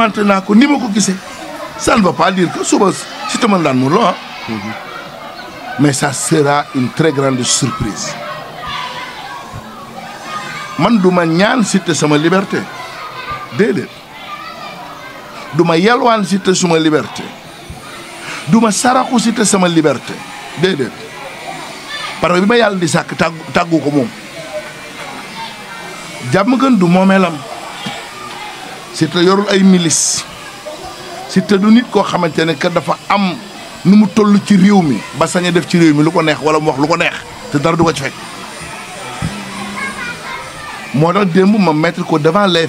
argumenté naa ko ni ma ko gisee ça ne veut pas dire que suba si taman daan mu lo ah. mais ça sera une très grande surprise man du ma ñaan Siteu sama liberté déedéet du ma yalwaan Siteu suma liberté du ma saraxu Siteu sama liberté déedéet parce bi ma yàlla di sàkk tàggu tàggu ko moom jàmm gën du Siteu yorul ay milice Siteu du nit koo xamante ne que dafa am nu mu toll ci réew mi ba sañ def ci réew mi lu ko neex wala mu wax lu ko neex te dara du ko ci fekk moo tax démb ma mettre ko devant les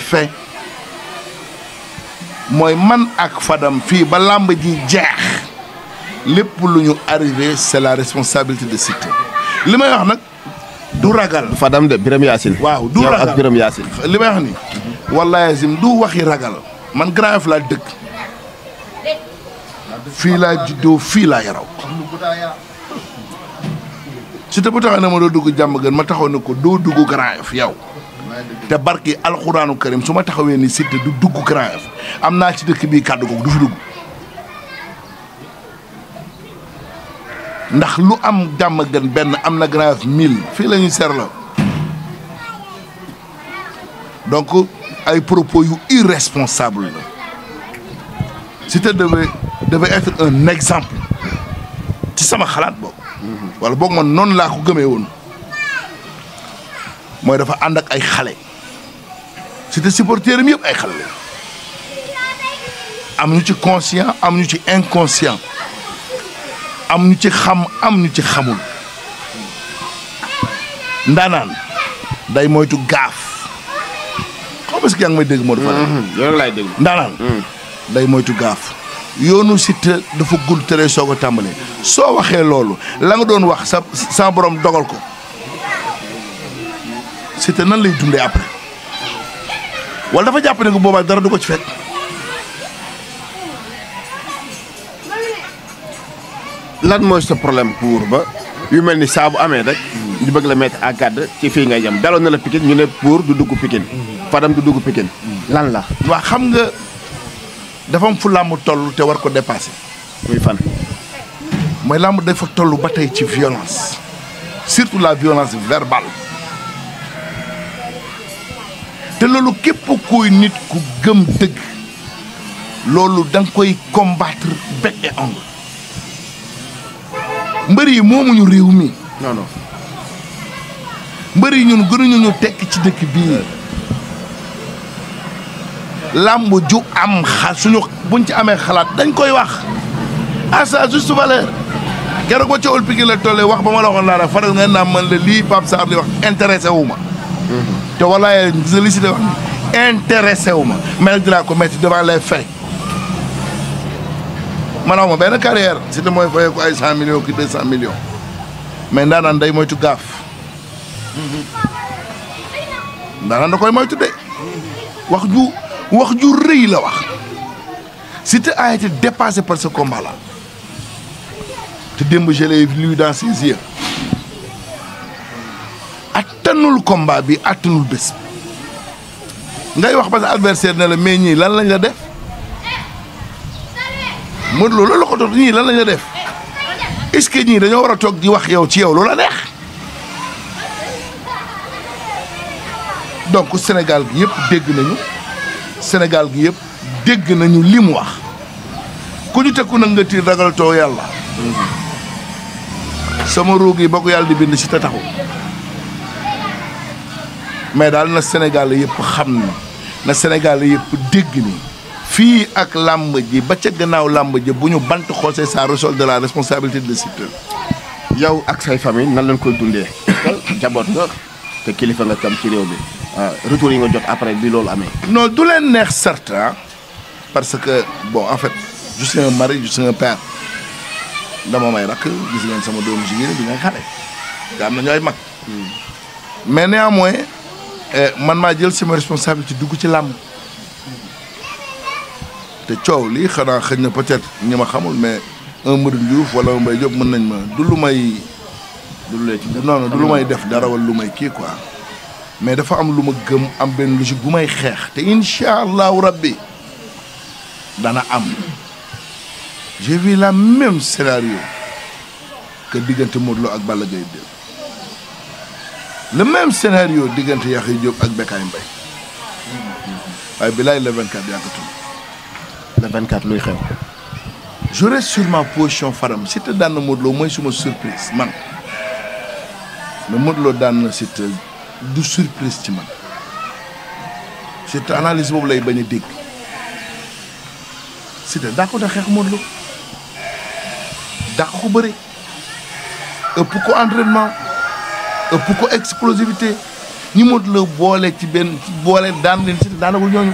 mooy man ak faddam fii ba làmb ji jeex lépp lu ñu arrivé c'est la responsabilité de Siteu li may wax nag. du ragal. du dam de Birame Yacine. waaw du ak Birame Yacine. li may wax ni wallaahi azim du waxi ragal man Grand Yoff laa dëkk fii laa juddoo fii laa yaraw su te bu taxaw ne ma doo dugg jàmm gën ma taxaw ne ko doo dugg Grand Yoff yow. te barki alxuraanu karim su ma taxawee ni Siteu du dugg Grand am naa ci dëkk bii kàddu googu du fi dugg. ndax lu am jàmm gën benn am na grave mille fii la ñuy donc ay propos yu irresponsable la devait devait être un exemple ci sama xalaat boobu. wala boog man noonu laa ko gëmee woon mooy dafa ànd ak ay xale Siteu supporter am yëpp ay xale la am ñu ci conscient am ñu ci inconscient. am ci xam am ci xamul ndaanaan day moytu gaaf xaw dégg Modou Fadel. Mm-hmm. laay dégg ndaanaan. Mm. day moytu gaaf. yoonu Siteu dafa gudd tere soo ko tàmbalee soo waxee loolu la nga doon wax sa sa borom dogal ko Siteu nan lay dundee après wal dafa jàpp ne ko boobaa dara du ko ci fekk. lan moy sa problème pour ba yu melni sa bu amé rek ñu bëgg la mettre à garde ci fi nga jëm dalon na la pikine ñu né pour du dugg pikine fadam du dugg pikine lan la wa xam nga dafa am fu lamb tollu té war ko dépasser muy fan moy lamb dafa tollu batay ci violence surtout la violence verbale té lolu képp kuy nit ku gëm dëgg lolu dang koy combattre bec et ongle mbër yi moomuñu réew mi. non mbër yi ñun gënuñu ñu tekk ci dëkk bii. làmb ju am xa suñu buñ ci amee xalaat dañ koy wax à sa juste valeur keroog ba coowul Pikine la tollee wax ba ma la waxoon laa la faral nga naa man la lii Pape Sarr di wax intéressé wu ma. Mhm. te walaayee si wax intéressé wu ma mais dinaa ko mettre devant les man aw benn carrière si mooy fayee ko ay cent millions ki deux cent mais ndaanaan day moytu gaaf ndaanaan da koy moytu de wax ju wax ju rëy la wax si te a été dépassé par ce combat là te démb je l'ai lu dans ses yeux attanul combat bi attanul bés ngay wax parce que adversaire ne la mais ñii lan lañ la def Modou Lo loolu la ko def est-ce que ñii dañoo war a toog di wax yow ci yow lu la neex donc Sénégal gi yëpp dégg nañu Sénégal gi yëpp dégg nañu li mu wax ku ñu tekku nag nga tiir ragal yàlla sama ruug yi ba ko yàlla di bind ci te mais daal na Sénégal yëpp xam na na Sénégal yëpp dégg nii fii ak làmb ji ba ca gannaaw làmb ji bu ñu bant xool xoosee ça ressort de la responsabilité de discipline yow ak say famille nan lañ koy dundee jaboot nga te kilifa nga tam ci réew bi ah, retour yi nga jot après bi loolu amee non du leen neex certain ah, parce que boo en fait je suis un mari je suis un père dama may rakk gis ngeen sama doomu jigéen bi ngay xale nga am na ñooy mag hmm. mais mooy eh, man maa jël sama responsabilité dugg ci làmb te coow lii xanaa xëñ na peut-être ñi ma xamul mais un Modou Diouf wala un Mbaye mën nañ ma du lu may. du ci non non du may def dara wala lu may kii quoi. mais dafa am lu ma gëm am benn logique bu may xeex te incha allahu rabbi dana am j'ai vu la même scénario que diggante Modou ak Balla Gaye 2 le même scénario diggante Yaxya Diop ak Bécaye Mbaye waaye bilaay le 24 yàggatul le 24 luy xew je reste sur ma position faram Siteu daan na modlo moy suma surprise man le modlo dans daan na du surprise ci man Siteu analyse boobu lay bañ dig dégg d'accord daa da xex modlo Lo ko bëri ëpp ko entraînement ëpp ko explosivité ñi modlo bolé ci ben boole daan dans Siteu daanagul ñooñu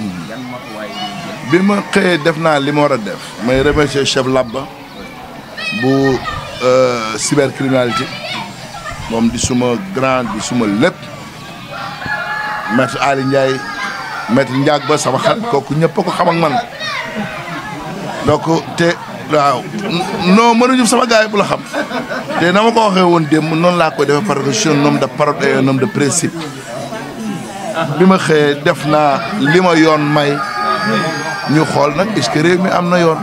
yan matuwaay bi ma xëyee def naa li ma war a def. may remercier chef ba bu euh, cybercriminalité moom di suma grand di suma lépp maître Ali Ndiaye maître Ndiak ba sama xarit kooku ñëpp ko xam ak man donc te. waaw non mënuñu sama gars yi bu la xam te na ma ko waxee woon démb noonu laa koy defee parce que je suis un homme de parole de principe. bi ma xëyee def naa li ma yoon may ñu xool nag est mi am na yoon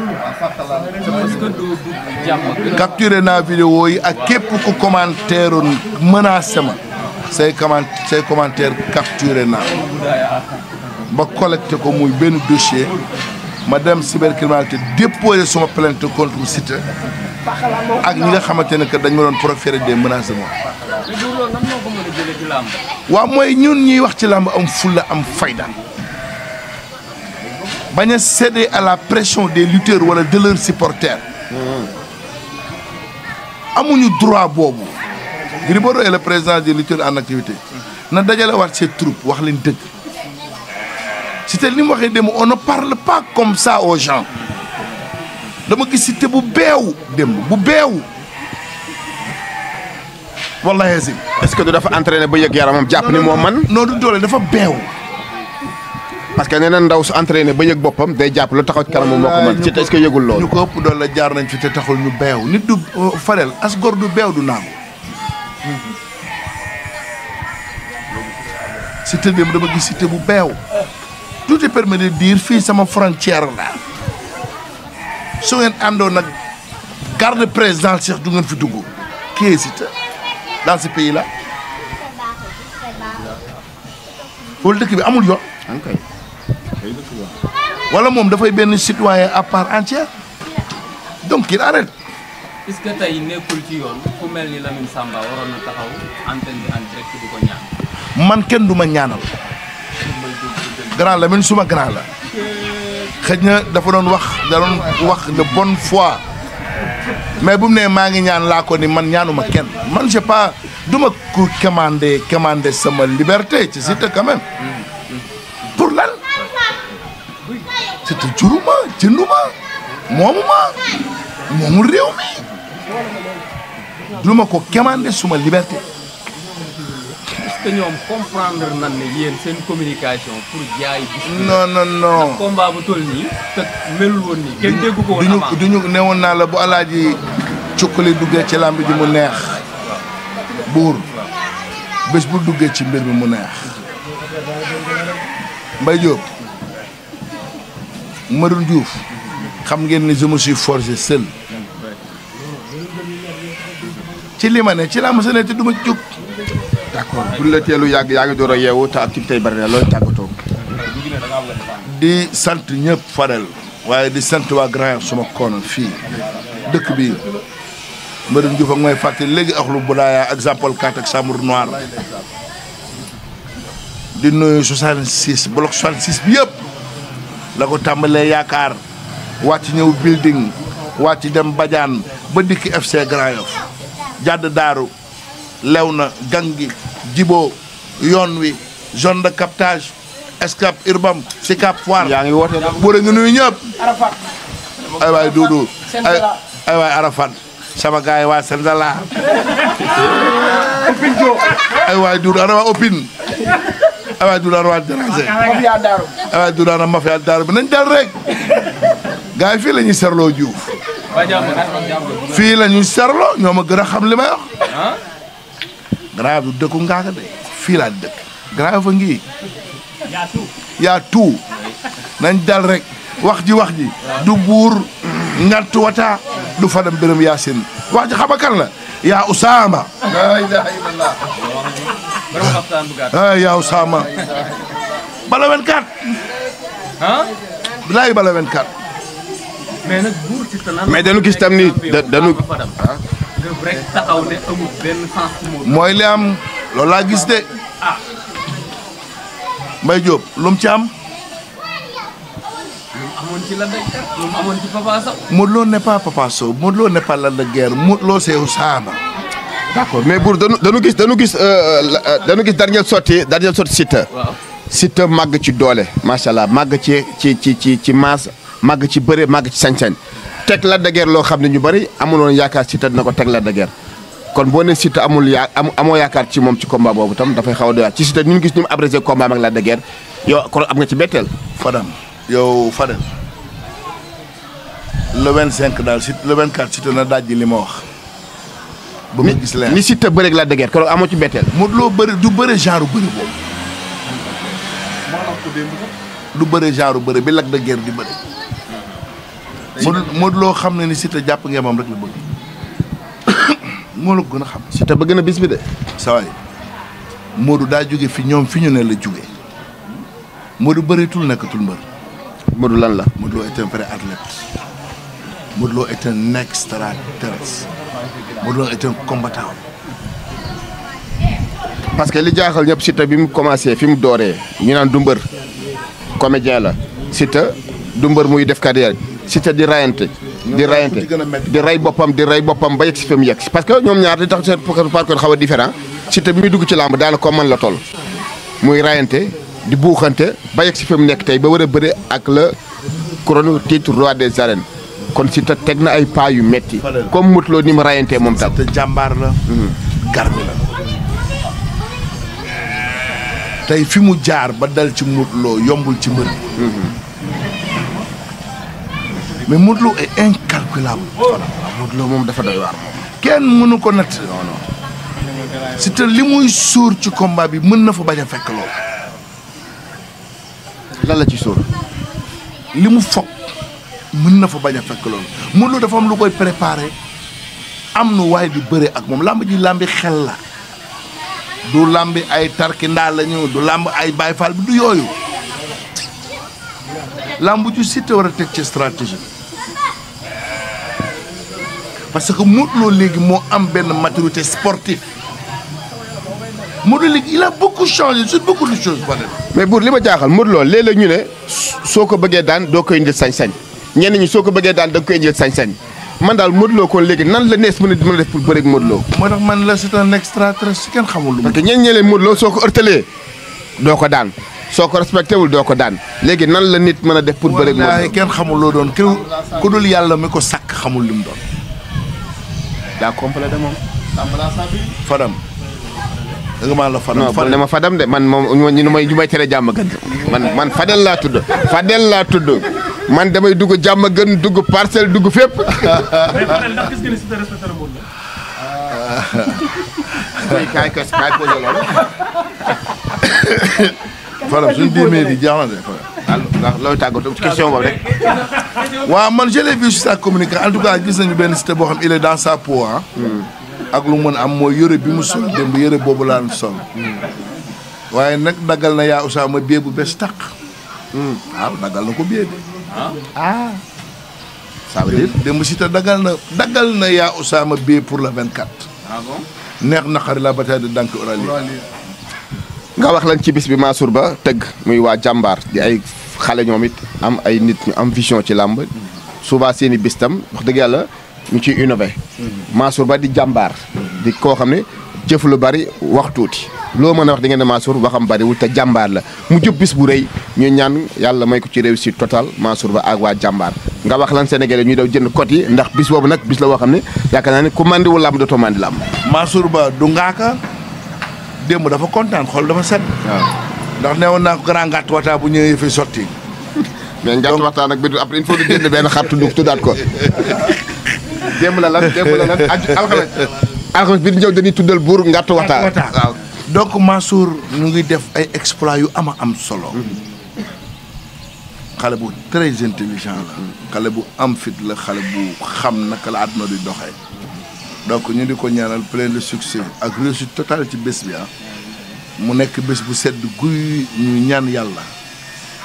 capturé naa vidéo yi ak képp ku commentaire menacé ma say comment say commentaire capturé naa ba collecté ko muy benn dossier ma dem si cybercriminalité déposé suma plainte contre Siteu ak ñi nga xamante ne que dañ ma doon proférer des menaces de mort waaw mooy ñun ñuy wax ci làmb am fulla am fayda bañ a à la pression des lutteurs wala de leurs supporters amuñu droit boobu Gris Bordeaux est le président des lutteurs en activité na dajale waat ses troupes wax leen dëgg Siteu li mu waxee démb on ne parle pas comme ça aux gens dama gis Siteu bu beew démb bu beew wallahi azim est-ce que du dafa entraîné ba yëg yaramam jàpp ni moo man non du doole dafa beew parce que nee na ndaw su entraîné ba yëg boppam day jàpp lu taxaw ci kanamu moo ko man ci est-ce que yëgul loolu ñu ko ëpp doole la jaar nañ fi te taxul ñu beew nit du oh, farel as gor du beew du naagu cité bi dama gis cité bu beew tout est permis de dire fii sama frontière la su ngeen àndoon nag garde présidentielle du ngeen fi dugg kii cité dans ce pays là. loolu bi amul yoon. ok wala moom dafay benn citoyen à part entière donc il arrête. est-ce que tey nekkul ci yoon ku mel Lamine Samba waroon na taxaw antenne bi en direct du ko ñaan. man kenn du ma ñaanal. grand Lamine suma grand la. xëj na dafa doon wax da doon wax de bonne foi. mais bu mu nee maa ngi ñaan laa ko ni man ma kenn man je pas du ma ku commandé commandé sama liberté ci Siteu quand même pour lan Siteu juruma jënduma moomuma moomul réew mi du ma ko commandé suma liberté que ñoom comprendre nan seen communication pour jaay. non non non woon nii kenn déggu ko woon du ñu du naa la bu alaaji cukkali duggee ci làmb ji mu neex. buur bés bu duggee ci mbir mi mu neex. Mbaye Diop. Madoune Diouf. xam ngeen ni je me suis ci li ci laa mos ne te du ma d'accord buñ la teelu yàgg yaa ngi door a yeewu activité bari di sant ñëpp Fadel di sant waa grand suma koon fii dëkk bi Mbërum Diouf ak mooy fàtte léegi ak exemple 4 ak Noir di nuyu 66 bloc 66 bi yëpp la ko tàmbalee yaakaar building wàcc dem Badiane ba dikki FC Grand Yoff jàdd daaru lewna gangi dibo yoon wi zone de captage escape urbam sikap foire yaangi ngi woote nag bëre nga nuyu arafat ay way duudu ay way arafat sama gaay wa sendala opin ay way duudu ana opin ay way duudu ana dérangé mafia daaru ay way duudu ana mafia daaru bi nañ dal rek gaay fi lañu serlo juuf fi lañu serlo ñoma gëna xam limay wax grave du dëkku ngaaka de la laa grave ngi ya tu ya tu nañ dal rek wax ji wax ji du bour ngant wata du fadam bërëm yasin wax ji xama kan la ya usama la ilaha illallah ay eh, ya usama bala 24 hein bala 24 mais nak bour ci tanam mais dañu gis tam ni dañu rek mooy li am loolu laa gis de. ah. Mbaye Diop lu mu ci am. lu mu amoon ci la béykat lu mu amoon ci Papa Sow. mais buur dañu dañu gis dañu gis euh, euh, dañu gis dernière sortie dernière sortie màgg ci doole macha allah màgg ci ci ci ci ci masse màgg ci bëre màgg ci sañ teg Lac de loo xam ne ñu bari amuloon yaakaar Siteu dina ko teg Lac de kon boo ne Siteu amul yaa am amoo yaakaar ci moom ci combat boobu tam dafay xaw a doy ci Siteu ñu ngi gis ñu mu abrégé combat ak Lac de Guiers yow kon am nga ci betteel. Fadam yow Fadam le 25 daal Siteu le 24 Siteu na daaj li ma wax. ba ma gis leen ni Siteu bëreeg Lac de Guiers kon amoo ci betteel. mu loo bëri du bëre genre bëri boobu. du bëre bi Lac de Guiers di bëri. Modou Lo xam ni Siteu jàpp ngeen moom rek la bëgg moo la gën a xam. Siteu bëgg na bis bi de. saa waay Modou daa jóge fi ñoom fi ñu ne la jóge Modou bëreetul nekkatul mbër. Modou lan la. Modou Lo est un vrai athlète. Modou Lo est un extraterrestre. Modou Lo est un combattant. parce que li jaaxal ñëpp Siteu bi mu commencé fi mu dooree ñu naan du mbër comédien la Siteu du mbër muy def carrière Siteu di rayante di rayante di ray boppam di ray boppam ba yegg si fi mu yegg parce que ñoom ñaar li tax seen parcours xaw a différent Siteu bi muy dugg ci làmb daanaka man la toll muy rayante di buuxante ba yegg si fi mu nekk tey ba war a bëre ak le couronne titre roi des arènes kon Siteu teg na ay pas yu metti comme Modou Lo ni mu rayante moom tam Siteu la mhm. garmi tey fi mu jaar ba dal ci Modou yombul ci mbër mais Modou ay est incalculable. voilà Modou Lo moom dafa doy waar moom. kenn mënu ko natt. non li muy sóor ci komba bi mën na fa bañ a fekk loolu. lan ci sóor. li mu foog mën na fa bañ a fekk loolu Modou dafa am lu koy préparé am nu waaye di bëre ak moom làmb ji làmbi xel la. du làmbi ay tarkindaa la ñu du làmb ay bayfal bi du yooyu làmb ju Siteu war a teg ci stratégie parce que Modou Lo léegi moo am benn maturité sportive Modou Lo léegi il a beaucoup changé sur beaucoup de choses wala. mais buur li ma jaaxal Modou Lo ñu ne soo ko bëggee daan doo ko indi sañ-sañ ñenn ñi soo ko bëggee daan da nga koy indil sañ-sañ man daal Modou Lo léegi nan la nees mën a mën a def pour bëreeg Modou Lo. moo tax man la c'est un extra très si kenn xamul lu. parce que ñenn ñi soo ko ërtalee doo ko daan soo ko respecté wul doo ko daan léegi nan la nit mën a def pour bëreeg Modou Lo. wallaahi kenn doon kenn ku yàlla mi ko sàkk xamul li mu daa complet de moom. Fadam. ma Fadam de man moom ñu may ñu tere jàmm gën. man man laa tudd Fadel laa tudd man damay dugg jàmm gën dugg parcelle dugg fépp. mais Fadel ndax loolu. waaw looy tàggatoo ci waaw man je l'ai vu sur sa communication en tout cas gis nañu benn cité boo xam il est sa peau hmm. ak lu mën am moo yére bi mu sol démb yëre boobu laan sol. Hmm. waaye nag daggal na yaa Ousama bie bu bees tàq. waaw hmm. ah, daggal na ko bie de. ah. ah. ça veut dire démb si daggal na daggal na yaa Ousama bie pour le 24. ah bon neex naqari la bataille de Dank Orali. nga wax lan ci bis bi Mansour Ba tëgg muy waa jàmbaar di ay xale ñoom it am ay nit ñu am vision ci làmb souvent seeni i bis tam wax dëgg yàlla ñu ciy innové Mansour Ba di jàmbaar di koo xam ne jëf lu bari wax tuuti loo mën a wax da ngeen ne Mansour waxam bariwul te jàmbaar la mu jub bis bu rëy ñu ñaan yàlla may ko ci réussite total Mansour Ba ak waa jàmbaar nga wax lan Sénégalais ñuy daw jënd cot yi ndax bis boobu nag bis la boo xam ne yaakaar naa ne ku mandiwul làmb dootoo mandi làmb Mansour démb dafa contane xol dafa set. ndax newon na ko grand gàtt wata bu ñëw fi sotti. mais ngàtt wata nak bi après il faut ñu génn ben xar tudd tudat ko. démb la lan démb la lan alxames alxames bi ñëw dañuy tuddal bur ngàtt wata donc Mansour ñu ngi def ay exploit yu ama am solo. xale bu très intelligent la. xale bu am fit la xale bu xam nak la aduna di doxé donc ñu di ko ñaanal plein de succès ak réussite totale ci bés bi ah mu nekk bés bu sedd guy ñu ñaan yàlla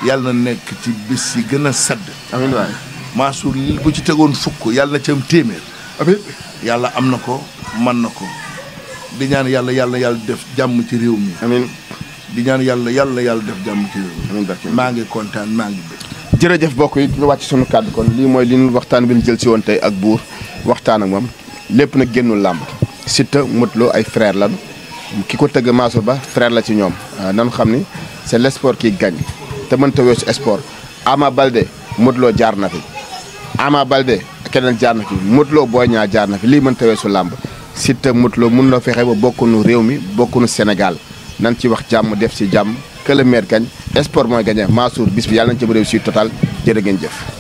yàlla na nekk ci bés yi gën a sedd amiin waay Mansour bu ci tegoon fukk yàlla na ci am téeméer yàlla am na ko man na ko di ñaan yàlla yàlla yàlla def jàmm ci réew mi amiin yàlla yàlla yàlla def jàmm ci maa ngi kontaan maa ngi bëgg jërëjëf bokk yi ñu wàcc sunu kàddu kon lii mooy li ñu waxtaan bi ñu jël ci woon tey ak buur waxtaan ak moom lépp nag génnul làmb Siteu Modou ay frère lan ki ko tëgg Mansour Ba frère la ci ñoom ah, nan xam ni c'est le sport qui gagne te mënta weesu sport Ama Balde Modou jaar na fi Ama Balde keneen jaar na fi Modou Lo Boy Niang jaar na fi lii mënta weesu làmb Siteu Modou Lo mun na fexe ba bokk nu réew mi bokk nu Sénégal nan ci wax jàmm def si jàmm que le maire gagne sport mooy gagné Mansour bis bi yàlla nañ ci réussite total jërë ngeen jëf